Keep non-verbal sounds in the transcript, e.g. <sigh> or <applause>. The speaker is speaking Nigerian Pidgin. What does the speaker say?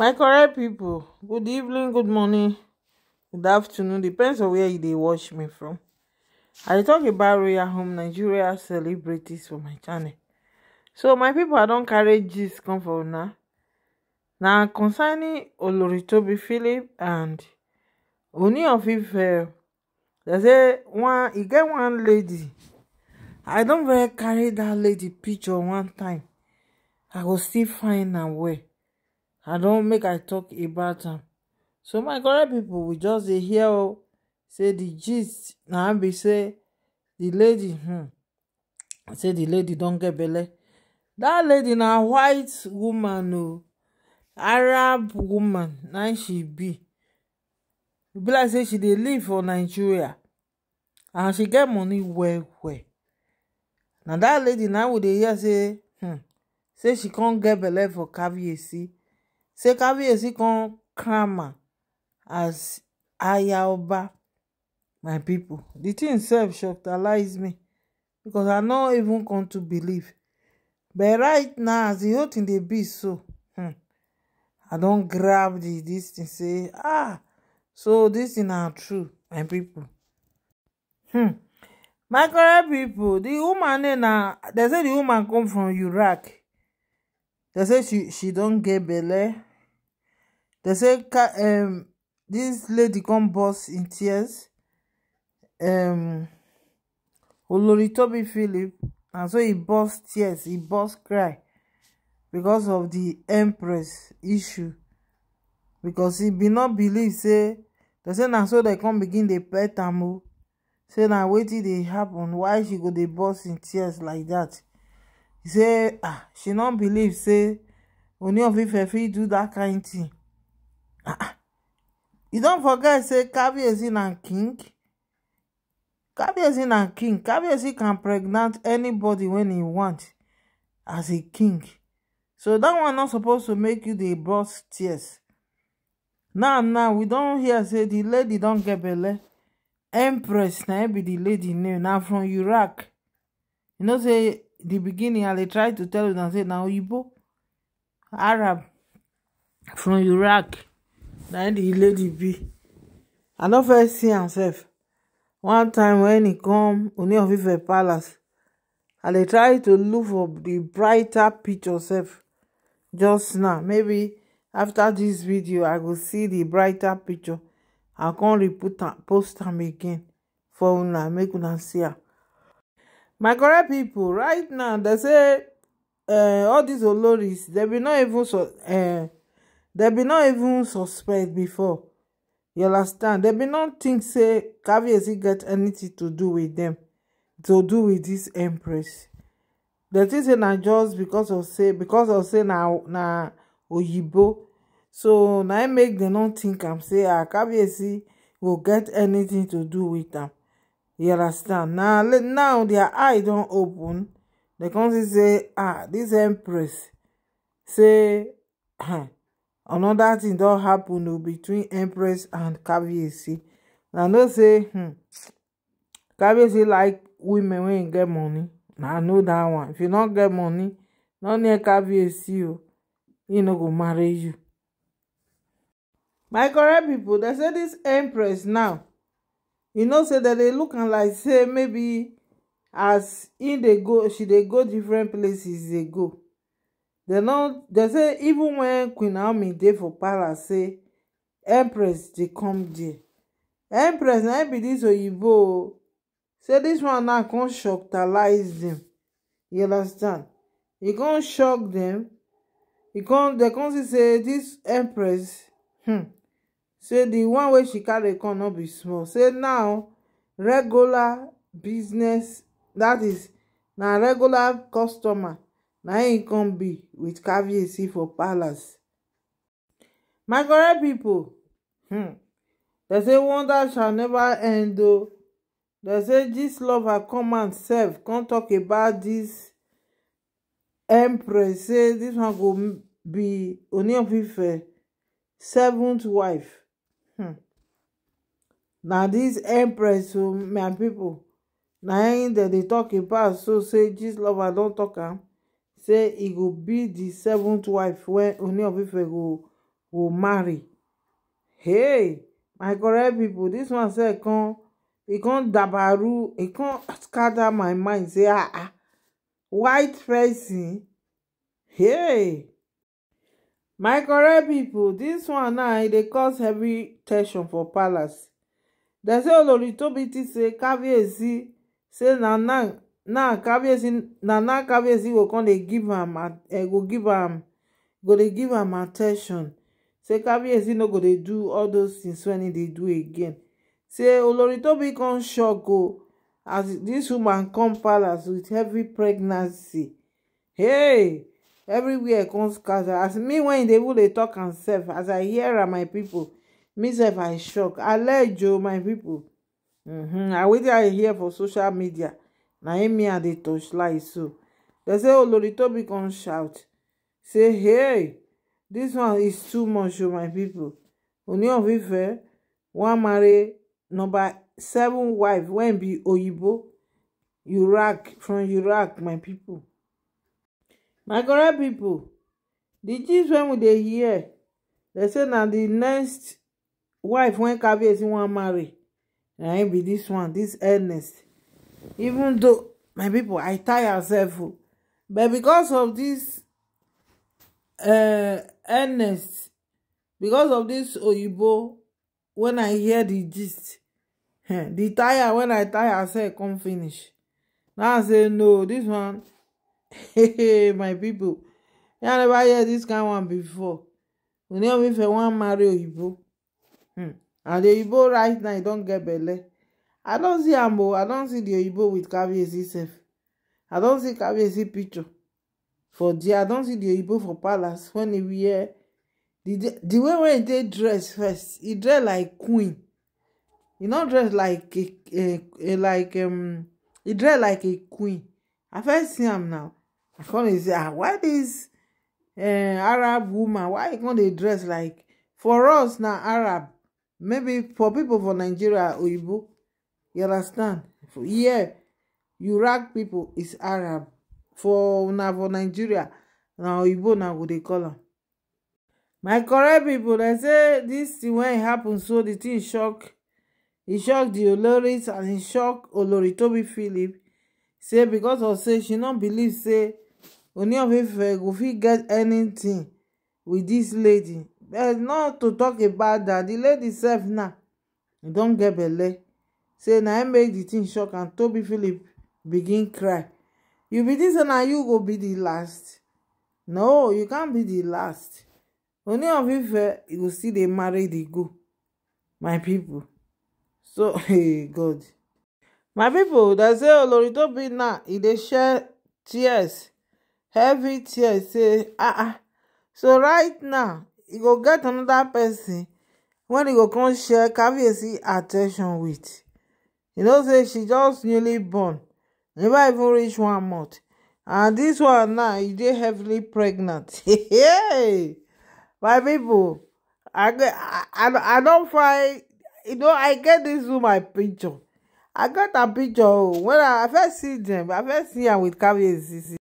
my correct people, good evening good morning good afternoon depends on where you dey watch me from i talk about royal home nigeria celebrities for my channel so my people, i don't carry this. come for now. Now concerning oloritobi philip and oni of ife dem say one e get one lady i don't very carry that lady picture one time i will still find a way. i don make i tok about am so my correct pipo we just dey hear oh say di gist na be say di lady hmm say di lady don get belle dat lady na white woman o oh, arab woman na she be e be like say she dey live for nigeria and she get money well well na dat lady na we dey hear say hmm say she come get belle for caviarcy ṣé kábíyèsí kan cram am as aya ọba my people the thing sef shocktalize me because i no even come to believe but right now as the whole thing dey be so hmm, i don grab the this thing say ah so this thing na true my people hmm my correct pipo the woman name na dem say the woman come from iraq dem say she she don get belle They say um, this lady come burst in tears um, Olori Toby philip and so he burst tears he burst cry because of the empress issue because he be not believe say they say na so they come begin dey pet am o say na wetin dey happen why she go dey burst in tears like that? e say ah she no believe say oni of ife fit do that kind thing. you don't forget say in a king is in a king kabiyesi can pregnant anybody when he want as a king so that one not supposed to make you the boss tears now now we don't hear say the lady don't get belle empress Now be the lady name now from iraq you know say the beginning i dey try to tell you say now Ibo arab from iraq na im di lady be i no first see am sef one time when he come oni of ife palace i dey try to look for the brighter picture sef just now maybe after this video i go see the brighter picture i con repost am again for una make una see am my correct people! right now dem say eh, all these oloris dem bin no even so. Eh, dem be not even suspect before you understand dem be not think say caviezi get anything to do with them, to do with this empress The thing is not just because of say because of say now na oyibo so now I make dem not think I'm say ah caviezi will get anything to do with them, you understand now let now their eye don't open They can't say ah this empress say <clears throat> Another thing don happen o between empress and caviarcy and i know say hmm caviarcy like women wey e get money na i know that one if you no get money no near caviarcy o He no go marry you my correct pipo dem say dis empress now you know say dem dey look am like say maybe as she dey go different places dey go dem say even wen queen naomi dey for palace say empress dey come there empress na be dis oyibo o say dis one now come shocktalize dem you understand e come shock dem dem come see say dis empress hmm say di one wey she carry come no be small say now regular business that is na regular customer na im e come be wit caveatsi for palace. my correct pipo hmm, dem say wonder shall neva end o dem say dis lover come and serve come talk about dis empress say dis one go be oniopefe seventh wife hmm na dis empress o my pipo na im dem dey talk about so say dis lover don talk am. say e go be the seventh wife when oni of ife go go marry hey my correct people, this one say come He come dabaru He come scatter my mind say ah ah white facing. hey my correct people, this one now e dey cause heavy tension for palace They say olori tobi think say kabiyesi say na now now kabiyesi na na kabiyesi go come dey give am uh, go give am go dey give am at ten tion say kabiyesi no go dey do all those things wey he dey do again say olori tobi come shock o oh, as this woman come palace with heavy pregnancy hey everywhere come scatter as me when e dey even dey talk am sef as i hear am my pipo me sef i shock alejo oh, my people. mm -hmm. i wetin i hear for social media na him me and dey touch light so dem say oh, tobi come shout say hey this one is too much o oh, my pipo oni of ife wan marry number seven wife wen be oyibo iraq from iraq my people, my correct people. The gist wey we dey hear dem say na the next wife wen caviarcy wan marry na im be this one this ernest even though my people i tire myself o oh. but because of this uh, earnest because of this oyibo when i hear the gist eh, the tire when i tire myself come finish now i say no this one hey <laughs> my people y'all never hear this kind one before una if i wan marry oyibo hmm. and the oyibo right now e don get belle i don't see am i don't see the oyibo with caviezi self. i don't see caviezi picture for the. i don't see the oyibo for palace wen e wear The way wey they dress first he dress like queen He not dress like a a like um He dress like a queen i first see him now i con dey say ah why this, uh arab woman why e con dress like for us now arab maybe for people for nigeria oyibo you understand for here iraq pipo is arab for now, for nigeria now Ibo now go dey call am my correct people, dem say dis when it happens. so the thing shock it shock the oloris and it shock olori tobi philip say because of say she no believe say only of ife go fit get anything with this lady but not to talk about that. The lady sef now e Don't get belay say na im make the thing shock and toby philip begin cry you be dis na you go be the last no you can't be the last only of ife you go still dey marry di go my people. so <laughs> hey god my people. dat say olori oh, tobi now he dey share tears heavy tears say ah ah so right now e go get another person when e go come share caviarcy at ten tion you know say she just newly born never even reach one month and this one now e dey heavily pregnant <laughs> hey my people, i i I don't find you know i get this with my picture i got a picture oh. when i first see them. i first see them with caviar